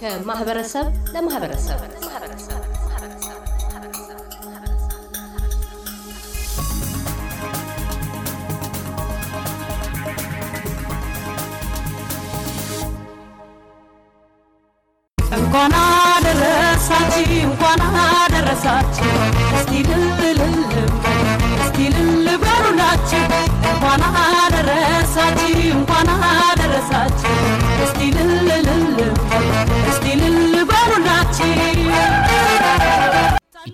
ከማህበረሰብ ለማህበረሰብ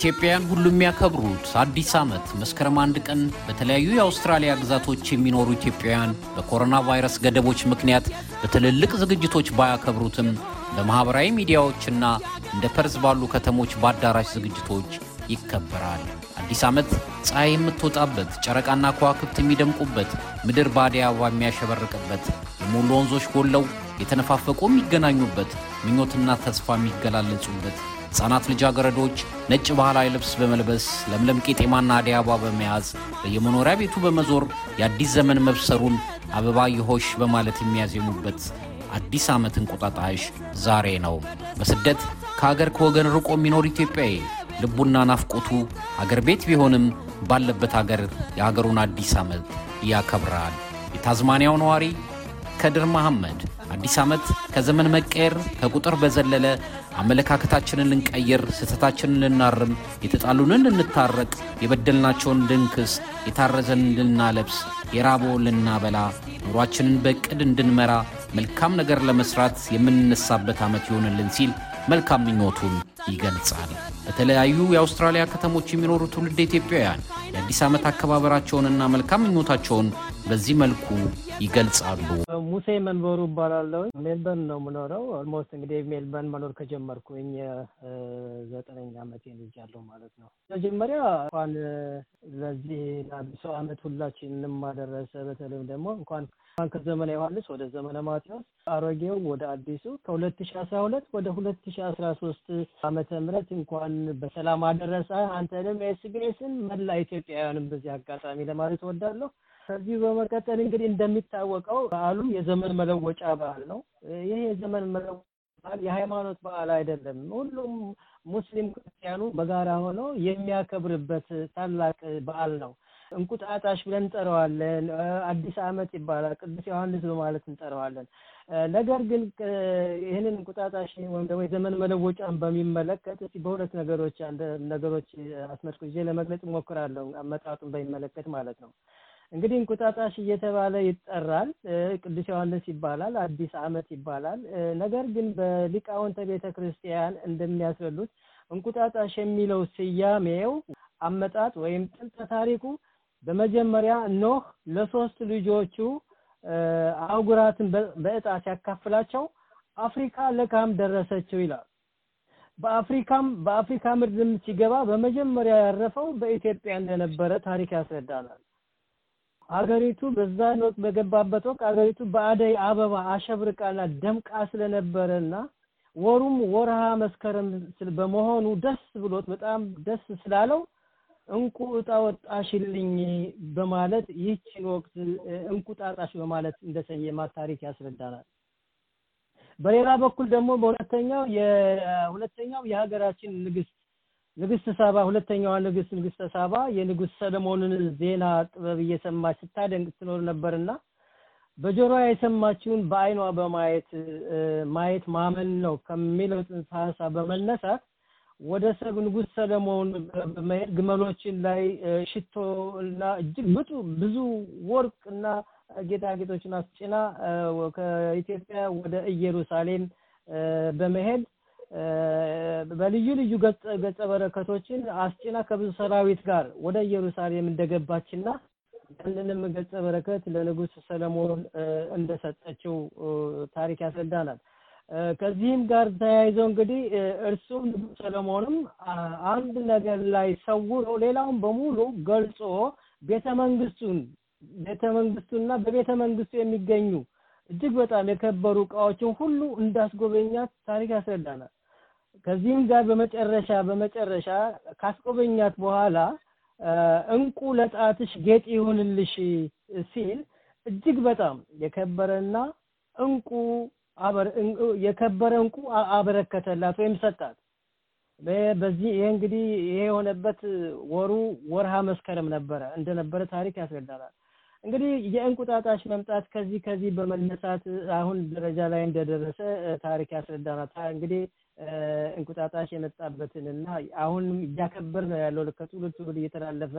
ኢትዮጵያውያን ሁሉ የሚያከብሩት አዲስ ዓመት መስከረም አንድ ቀን በተለያዩ የአውስትራሊያ ግዛቶች የሚኖሩ ኢትዮጵያውያን በኮሮና ቫይረስ ገደቦች ምክንያት በትልልቅ ዝግጅቶች ባያከብሩትም በማኅበራዊ ሚዲያዎችና እንደ ፐርዝ ባሉ ከተሞች በአዳራሽ ዝግጅቶች ይከበራል። አዲስ ዓመት ፀሐይ የምትወጣበት፣ ጨረቃና ከዋክብት የሚደምቁበት፣ ምድር በአደይ አበባ የሚያሸበርቅበት፣ የሞሉ ወንዞች ጎለው የተነፋፈቁ የሚገናኙበት፣ ምኞትና ተስፋ የሚገላለጹበት ሕፃናት ልጃገረዶች ነጭ ባህላዊ ልብስ በመልበስ ለምለም ቄጤማና አደይ አበባ በመያዝ በየመኖሪያ ቤቱ በመዞር የአዲስ ዘመን መብሰሩን አበባ ይሆሽ በማለት የሚያዜሙበት አዲስ ዓመት እንቁጣጣሽ ዛሬ ነው። በስደት ከአገር ከወገን ርቆ የሚኖር ኢትዮጵያዊ ልቡና ናፍቆቱ አገር ቤት ቢሆንም ባለበት አገር የአገሩን አዲስ ዓመት ያከብራል። የታዝማኒያው ነዋሪ ከድር መሐመድ አዲስ ዓመት ከዘመን መቀየር ከቁጥር በዘለለ አመለካከታችንን ልንቀይር፣ ስህተታችንን ልናርም፣ የተጣሉንን ልንታረቅ፣ የበደልናቸውን ልንክስ፣ የታረዘን ልናለብስ፣ የራበውን ልናበላ፣ ኑሯችንን በቅድ እንድንመራ፣ መልካም ነገር ለመስራት የምንነሳበት ዓመት ይሆንልን ሲል መልካም ምኞቱን ይገልጻል። በተለያዩ የአውስትራሊያ ከተሞች የሚኖሩ ትውልድ ኢትዮጵያውያን የአዲስ ዓመት አከባበራቸውንና መልካም ምኞታቸውን በዚህ መልኩ ይገልጻሉ። ሙሴ መንበሩ እባላለሁ። ሜልበርን ነው የምኖረው። ኦልሞስት እንግዲህ ሜልበርን መኖር ከጀመርኩኝ ዘጠነኛ ዓመቴን ይዣለሁ ማለት ነው። መጀመሪያ እንኳን ለዚህ ለአዲሱ ዓመት ሁላችንም አደረሰ። በተለይም ደግሞ እንኳን እንኳን ከዘመነ ዮሐንስ ወደ ዘመነ ማቴዎስ አሮጌው ወደ አዲሱ ከሁለት ሺ አስራ ሁለት ወደ ሁለት ሺ አስራ ሶስት ዓመተ ምህረት እንኳን በሰላም አደረሰ። አንተንም ኤስቢኤስን መላ ኢትዮጵያውያንም በዚህ አጋጣሚ ለማለት እወዳለሁ። ከዚህ በመቀጠል እንግዲህ እንደሚታወቀው በዓሉ የዘመን መለወጫ በዓል ነው። ይህ የዘመን መለወጫ በዓል የሃይማኖት በዓል አይደለም። ሁሉም ሙስሊም ክርስቲያኑ በጋራ ሆኖ የሚያከብርበት ታላቅ በዓል ነው። እንቁጣጣሽ ብለን እንጠራዋለን። አዲስ ዓመት ይባላል። ቅዱስ ዮሐንስ በማለት እንጠራዋለን። ነገር ግን ይህንን እንቁጣጣሽ ወይም ደግሞ የዘመን መለወጫን በሚመለከት በሁለት ነገሮች አንድ ነገሮች አስመልክቼ ለመግለጽ እሞክራለሁ። አመጣጡን በሚመለከት ማለት ነው። እንግዲህ እንቁጣጣሽ እየተባለ ይጠራል። ቅዱስ ዮሐንስ ይባላል። አዲስ ዓመት ይባላል። ነገር ግን በሊቃውንተ ቤተ ክርስቲያን እንደሚያስረዱት እንቁጣጣሽ የሚለው ስያሜው አመጣጥ ወይም ጥንተ ታሪኩ በመጀመሪያ ኖህ ለሶስት ልጆቹ አህጉራትን በእጣ ሲያካፍላቸው አፍሪካ ለካም ደረሰችው ይላል። በአፍሪካም በአፍሪካ ምድርም ሲገባ በመጀመሪያ ያረፈው በኢትዮጵያ እንደነበረ ታሪክ ያስረዳናል። አገሪቱ በዛ ወቅት በገባበት ወቅት አገሪቱ በአደይ አበባ አሸብርቃና ደምቃ ስለነበረና ወሩም ወርሃ መስከረም በመሆኑ ደስ ብሎት በጣም ደስ ስላለው እንቁ እጣ ወጣሽልኝ በማለት ይህችን ወቅት ጣጣሽ በማለት እንደሰየማ ታሪክ ያስረዳናል። በሌላ በኩል ደግሞ በሁለተኛው የሁለተኛው የሀገራችን ንግስት ንግስት ሳባ ሁለተኛዋ ንግስት ንግስተ ሳባ የንጉስ ሰለሞንን ዜና ጥበብ እየሰማች ስታደንቅ ትኖር ነበርና በጆሮዋ የሰማችውን በአይኗ በማየት ማየት ማመን ነው ከሚለው ጽንሰ ሀሳብ በመነሳት ወደ ሰብ ንጉስ ሰለሞን በመሄድ ግመሎችን ላይ ሽቶ እና እጅግ ብጡ ብዙ እና ጌጣጌጦችን አስጭና ከኢትዮጵያ ወደ ኢየሩሳሌም በመሄድ በልዩ ልዩ ገጸ በረከቶችን አስጭና ከብዙ ሰራዊት ጋር ወደ ኢየሩሳሌም እንደገባችና ያንንም ገጸ በረከት ለንጉሥ ሰለሞን እንደሰጠችው ታሪክ ያስረዳናል። ከዚህም ጋር ተያይዞ እንግዲህ እርሱም ንጉሥ ሰለሞንም አንድ ነገር ላይ ሰውሮ ሌላውን በሙሉ ገልጾ ቤተ መንግስቱን ቤተ መንግስቱና በቤተ መንግስቱ የሚገኙ እጅግ በጣም የከበሩ እቃዎችን ሁሉ እንዳስጎበኛት ታሪክ ያስረዳናል። ከዚህም ጋር በመጨረሻ በመጨረሻ ካስቆበኛት በኋላ እንቁ ለጣትሽ ጌጥ ይሁንልሽ ሲል እጅግ በጣም የከበረና እንቁ የከበረ እንቁ አበረከተላት ወይም ሰጣት። በዚህ ይሄ እንግዲህ ይሄ የሆነበት ወሩ ወርሃ መስከረም ነበረ እንደነበረ ታሪክ ያስረዳናል። እንግዲህ የእንቁጣጣሽ መምጣት ከዚህ ከዚህ በመነሳት አሁን ደረጃ ላይ እንደደረሰ ታሪክ ያስረዳናል። እንግዲህ እንቁጣጣሽ የመጣበትንና አሁንም እያከበር ነው ያለው ከትውልድ ትውልድ እየተላለፈ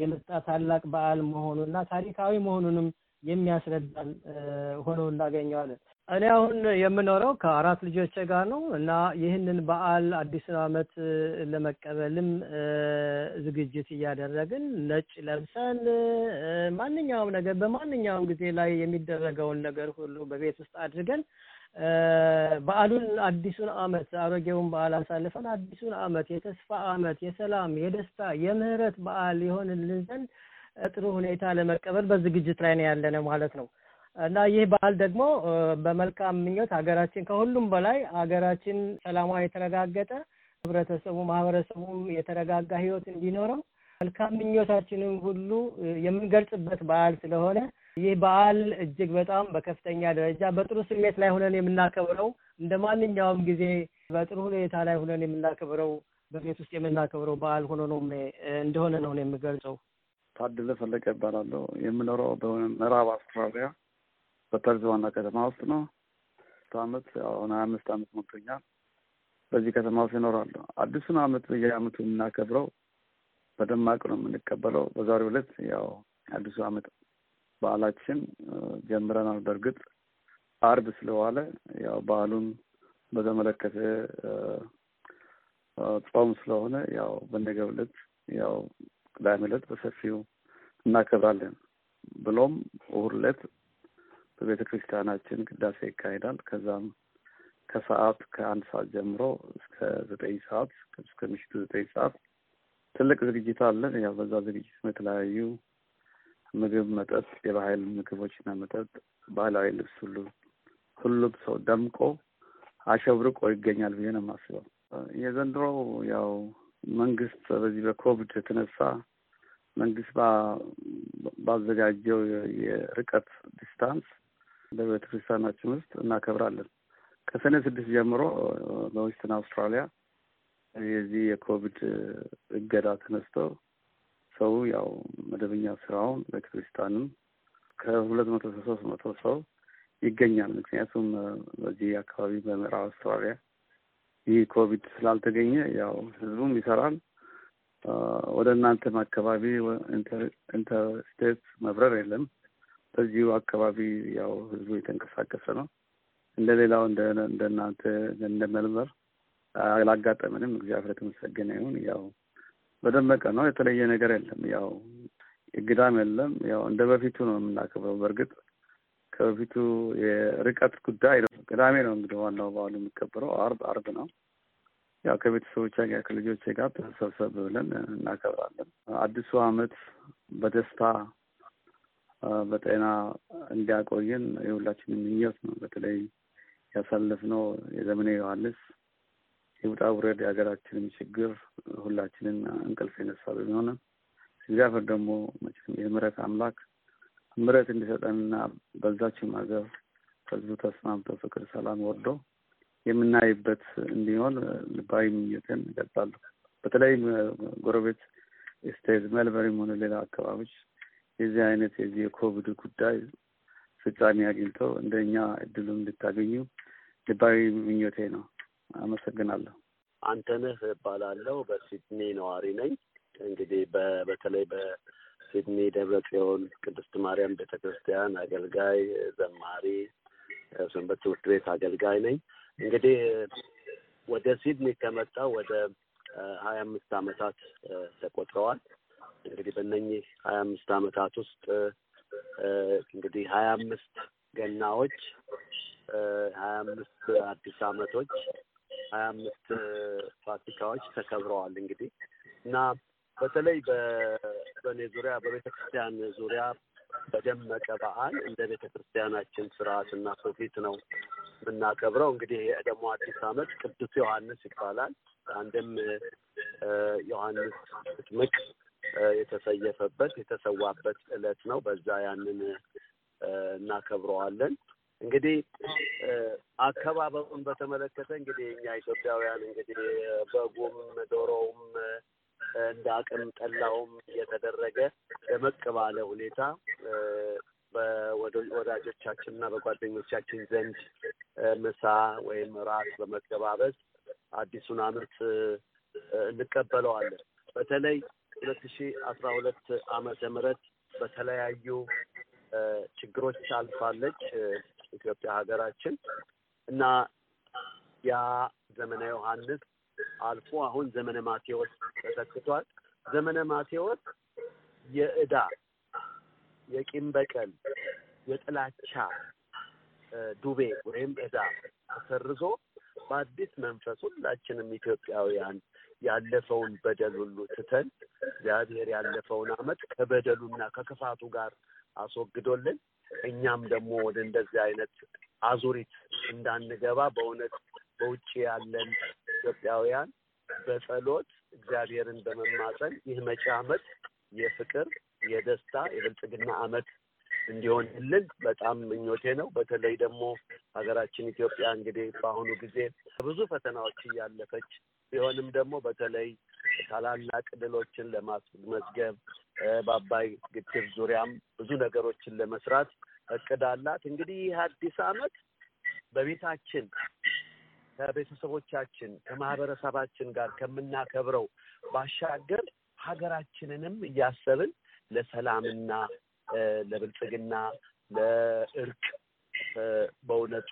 የመጣ ታላቅ በዓል መሆኑና ታሪካዊ መሆኑንም የሚያስረዳን ሆኖ እናገኘዋለን። እኔ አሁን የምኖረው ከአራት ልጆች ጋር ነው እና ይህንን በዓል አዲሱን ዓመት ለመቀበልም ዝግጅት እያደረግን ነጭ ለብሰን ማንኛውም ነገር በማንኛውም ጊዜ ላይ የሚደረገውን ነገር ሁሉ በቤት ውስጥ አድርገን በዓሉን አዲሱን ዓመት አሮጌውን በዓል አሳልፈን አዲሱን ዓመት የተስፋ ዓመት የሰላም የደስታ የምህረት በዓል የሆንልን ዘንድ ጥሩ ሁኔታ ለመቀበል በዝግጅት ላይ ነው ያለነ ማለት ነው እና ይህ በዓል ደግሞ በመልካም ምኞት ሀገራችን ከሁሉም በላይ ሀገራችን ሰላሟ የተረጋገጠ ህብረተሰቡ ማህበረሰቡም የተረጋጋ ህይወት እንዲኖረው መልካም ምኞታችንን ሁሉ የምንገልጽበት በዓል ስለሆነ ይህ በዓል እጅግ በጣም በከፍተኛ ደረጃ በጥሩ ስሜት ላይ ሆነን የምናከብረው እንደ ማንኛውም ጊዜ በጥሩ ሁኔታ ላይ ሆነን የምናከብረው በቤት ውስጥ የምናከብረው በዓል ሆኖ ነው እንደሆነ ነው የምገልጸው። ታድለ ፈለቀ ይባላለሁ። የምኖረው በምዕራብ አውስትራሊያ በፐርዝ ዋና ከተማ ውስጥ ነው። አመት አሁን ሀያ አምስት አመት ሞልቶኛል። በዚህ ከተማ ውስጥ ይኖራለሁ። አዲሱን አመት በየአመቱ የምናከብረው በደማቅ ነው የምንቀበለው። በዛሬው ዕለት ያው አዲሱ አመት በዓላችን ጀምረናል። በእርግጥ አርብ ስለዋለ ያው በዓሉን በተመለከተ ጾም ስለሆነ ያው በነገው ዕለት ያው ቅዳሜ ዕለት በሰፊው እናከብራለን። ብሎም እሑድ ዕለት በቤተ ክርስቲያናችን ቅዳሴ ይካሄዳል። ከዛም ከሰዓት ከአንድ ሰዓት ጀምሮ እስከ ዘጠኝ ሰዓት እስከ ምሽቱ ዘጠኝ ሰዓት ትልቅ ዝግጅት አለን። ያው በዛ ዝግጅት የተለያዩ ምግብ፣ መጠጥ፣ የባህል ምግቦችና መጠጥ፣ ባህላዊ ልብስ ሁሉ ሁሉም ሰው ደምቆ አሸብርቆ ይገኛል ብዬ ነው የማስበው። የዘንድሮው ያው መንግስት በዚህ በኮቪድ የተነሳ መንግስት ባዘጋጀው የርቀት ዲስታንስ በቤተክርስቲያናችን ውስጥ እናከብራለን። ከሰኔ ስድስት ጀምሮ በዌስትን አውስትራሊያ የዚህ የኮቪድ እገዳ ተነስተው ሰው ያው መደበኛ ስራውን በክርስቲያንም ከሁለት መቶ እስከ ሶስት መቶ ሰው ይገኛል። ምክንያቱም በዚህ አካባቢ በምዕራብ አውስትራሊያ ይህ ኮቪድ ስላልተገኘ ያው ህዝቡም ይሰራል። ወደ እናንተም አካባቢ ኢንተርስቴት መብረር የለም። በዚሁ አካባቢ ያው ህዝቡ የተንቀሳቀሰ ነው። እንደ ሌላው እንደ እናንተ እንደ መልመር አላጋጠመንም። እግዚአብሔር የተመሰገነ ይሁን ያው በደመቀ ነው። የተለየ ነገር የለም። ያው እግዳም የለም። ያው እንደ በፊቱ ነው የምናከብረው። በእርግጥ ከበፊቱ የርቀት ጉዳይ ነው። ቅዳሜ ነው እንግዲህ ዋናው በዓሉ የሚከበረው። አርብ አርብ ነው። ያው ከቤተሰቦች ጋር ከልጆቼ ጋር ተሰብሰብ ብለን እናከብራለን። አዲሱ ዓመት በደስታ በጤና እንዲያቆየን የሁላችንም ምኞት ነው። በተለይ ያሳለፍነው የዘመነ ዮሐንስ ይውጣ ውረድ የሀገራችንም ችግር ሁላችንን እንቅልፍ የነሳ በሚሆንም እግዚአብሔር ደግሞ መቼም አምላክ ምረት እንዲሰጠንና በዛችም ሀገር ህዝቡ ተስማምቶ ፍቅር፣ ሰላም ወርዶ የምናይበት እንዲሆን ልባዊ ምኞትን እገልጻለሁ። በተለይም ጎረቤት ስቴት መልበርም ሆነ ሌላ አካባቢዎች የዚህ አይነት የዚህ የኮቪድ ጉዳይ ፍጻሜ አግኝቶ እንደኛ እድሉ እንድታገኙ ልባዊ ምኞቴ ነው። አመሰግናለሁ። አንተነህ እባላለሁ። በሲድኒ ነዋሪ ነኝ። እንግዲህ በተለይ በሲድኒ ደብረ ጽዮን ቅድስት ማርያም ቤተ ክርስቲያን አገልጋይ፣ ዘማሪ፣ ሰንበት ትምህርት ቤት አገልጋይ ነኝ። እንግዲህ ወደ ሲድኒ ከመጣ ወደ ሀያ አምስት አመታት ተቆጥረዋል። እንግዲህ በእነኚህ ሀያ አምስት አመታት ውስጥ እንግዲህ ሀያ አምስት ገናዎች ሀያ አምስት አዲስ አመቶች ሀያ አምስት ፋሲካዎች ተከብረዋል። እንግዲህ እና በተለይ በእኔ ዙሪያ በቤተ ክርስቲያን ዙሪያ በደመቀ በዓል እንደ ቤተ ክርስቲያናችን ስርዓት እና ትውፊት ነው የምናከብረው። እንግዲህ ደግሞ አዲስ ዓመት ቅዱስ ዮሐንስ ይባላል። አንድም ዮሐንስ መጥምቅ የተሰየፈበት የተሰዋበት ዕለት ነው። በዛ ያንን እናከብረዋለን። እንግዲህ አከባበሩን በተመለከተ እንግዲህ እኛ ኢትዮጵያውያን እንግዲህ በጉም ዶሮውም እንደ አቅም ጠላውም እየተደረገ ደመቅ ባለ ሁኔታ በወዳጆቻችን እና በጓደኞቻችን ዘንድ ምሳ ወይም ራት በመገባበዝ አዲሱን አመት እንቀበለዋለን። በተለይ ሁለት ሺ አስራ ሁለት አመተ ምህረት በተለያዩ ችግሮች አልፋለች። ኢትዮጵያ ሀገራችን እና ያ ዘመነ ዮሐንስ አልፎ አሁን ዘመነ ማቴዎስ ተተክቷል። ዘመነ ማቴዎስ የእዳ የቂም በቀል የጥላቻ ዱቤ ወይም እዳ ተሰርዞ በአዲስ መንፈስ ሁላችንም ኢትዮጵያውያን ያለፈውን በደል ሁሉ ትተን እግዚአብሔር ያለፈውን ዓመት ከበደሉና ከክፋቱ ጋር አስወግዶልን እኛም ደግሞ ወደ እንደዚህ አይነት አዙሪት እንዳንገባ በእውነት በውጭ ያለን ኢትዮጵያውያን በጸሎት እግዚአብሔርን በመማፀን ይህ መጪ ዓመት የፍቅር፣ የደስታ፣ የብልጽግና ዓመት እንዲሆንልን በጣም ምኞቴ ነው። በተለይ ደግሞ ሀገራችን ኢትዮጵያ እንግዲህ በአሁኑ ጊዜ ብዙ ፈተናዎች እያለፈች ቢሆንም ደግሞ በተለይ ታላላቅ ድሎችን ለማስመዝገብ በአባይ ግድብ ዙሪያም ብዙ ነገሮችን ለመስራት እቅድ አላት። እንግዲህ ይህ አዲስ አመት በቤታችን ከቤተሰቦቻችን ከማህበረሰባችን ጋር ከምናከብረው ባሻገር ሀገራችንንም እያሰብን ለሰላምና ለብልጽግና ለእርቅ በእውነቱ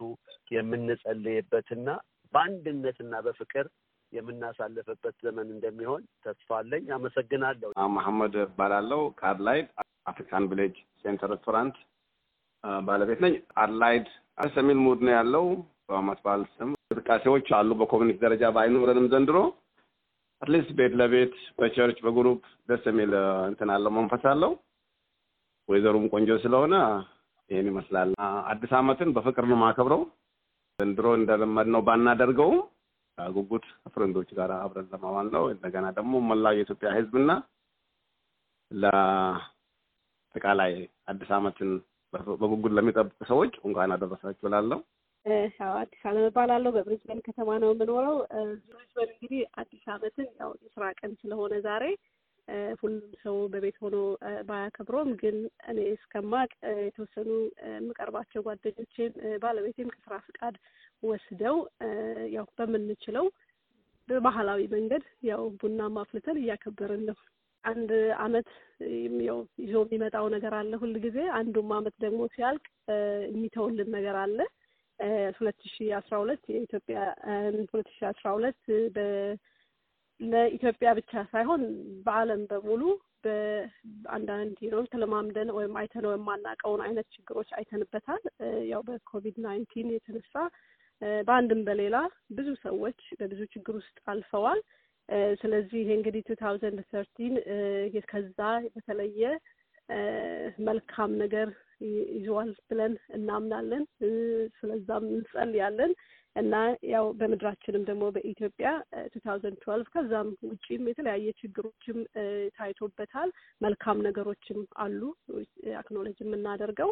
የምንጸልይበትና በአንድነትና በፍቅር የምናሳልፍበት ዘመን እንደሚሆን ተስፋ አለኝ። አመሰግናለሁ። መሐመድ እባላለሁ ከአድላይድ አፍሪካን ቪሌጅ ሴንት ሬስቶራንት ባለቤት ነኝ። አድላይድ አስ የሚል ሙድ ነው ያለው። በአመት በዓል ስም እንቅስቃሴዎች አሉ። በኮሚኒቲ ደረጃ ባይኖረንም ዘንድሮ አትሊስት ቤት ለቤት በቸርች በግሩፕ ደስ የሚል እንትን አለው፣ መንፈስ አለው። ወይዘሩም ቆንጆ ስለሆነ ይህን ይመስላል። አዲስ አመትን በፍቅር ነው ማከብረው። ዘንድሮ እንደለመድነው ባናደርገውም ጉጉት ፍሬንዶች ጋር አብረን ለማዋል ነው። እንደገና ደግሞ መላው የኢትዮጵያ ሕዝብና ለአጠቃላይ አዲስ ዓመትን በጉጉት ለሚጠብቁ ሰዎች እንኳን አደረሳችሁ እላለሁ። አዲስ ዓለም እባላለሁ። በብሪዝበን ከተማ ነው የምኖረው። ብሪዝበን እንግዲህ አዲስ ዓመትን ያው የስራ ቀን ስለሆነ ዛሬ ሁሉም ሰው በቤት ሆኖ ባያከብረውም ግን እኔ እስከማቅ የተወሰኑ የምቀርባቸው ጓደኞቼም ባለቤቴም ከስራ ፍቃድ ወስደው ያው በምንችለው በባህላዊ መንገድ ያው ቡና ማፍልተን እያከበርን ነው። አንድ አመት ያው ይዞ የሚመጣው ነገር አለ ሁል ጊዜ። አንዱም አመት ደግሞ ሲያልቅ የሚተውልን ነገር አለ። ሁለት ሺ አስራ ሁለት የኢትዮጵያ ሁለት ሺ አስራ ሁለት ለኢትዮጵያ ብቻ ሳይሆን በዓለም በሙሉ በአንዳንድ ነው ተለማምደን ወይም አይተነው የማናውቀውን አይነት ችግሮች አይተንበታል። ያው በኮቪድ ናይንቲን የተነሳ በአንድም በሌላ ብዙ ሰዎች በብዙ ችግር ውስጥ አልፈዋል። ስለዚህ ይሄ እንግዲህ ቱ ታውዘንድ ተርቲን ከዛ በተለየ መልካም ነገር ይዟል ብለን እናምናለን። ስለዛም እንጸልያለን። እና ያው በምድራችንም ደግሞ በኢትዮጵያ ቱ ታውዘንድ ትዌልቭ ከዛም ውጪም የተለያየ ችግሮችም ታይቶበታል። መልካም ነገሮችም አሉ አክኖሎጂ የምናደርገው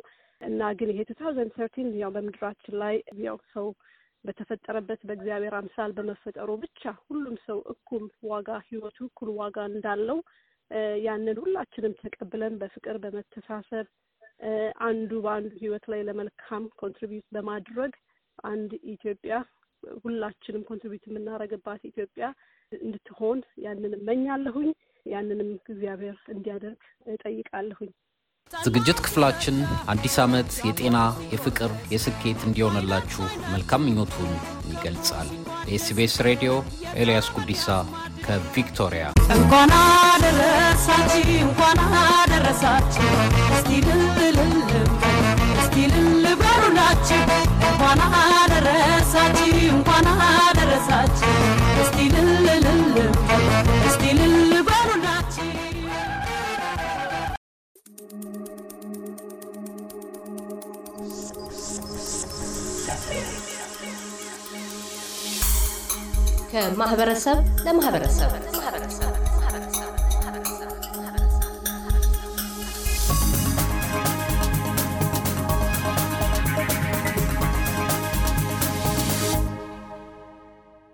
እና ግን ይሄ ቱ ታውዘንድ ሰርቲን ያው በምድራችን ላይ ያው ሰው በተፈጠረበት በእግዚአብሔር አምሳል በመፈጠሩ ብቻ ሁሉም ሰው እኩል ዋጋ ህይወቱ እኩል ዋጋ እንዳለው ያንን ሁላችንም ተቀብለን በፍቅር በመተሳሰብ አንዱ በአንዱ ህይወት ላይ ለመልካም ኮንትሪቢዩት በማድረግ አንድ ኢትዮጵያ ሁላችንም ኮንትሪቢዩት የምናደርግባት ኢትዮጵያ እንድትሆን ያንን እመኛለሁኝ። ያንንም እግዚአብሔር እንዲያደርግ እጠይቃለሁኝ። ዝግጅት ክፍላችን አዲስ ዓመት የጤና የፍቅር፣ የስኬት እንዲሆንላችሁ መልካም ምኞቱን ይገልጻል። ኤስቢኤስ ሬዲዮ ኤልያስ ጉዲሳ ከቪክቶሪያ እንኳን አደረሳችሁ እንኳን አደረሳችሁ እንኳን አደረሳችሁ እንኳን አደረሳችሁ። እስቲ ልልልል እስቲ ልል በሉላችሁ። ከማህበረሰብ ለማህበረሰብ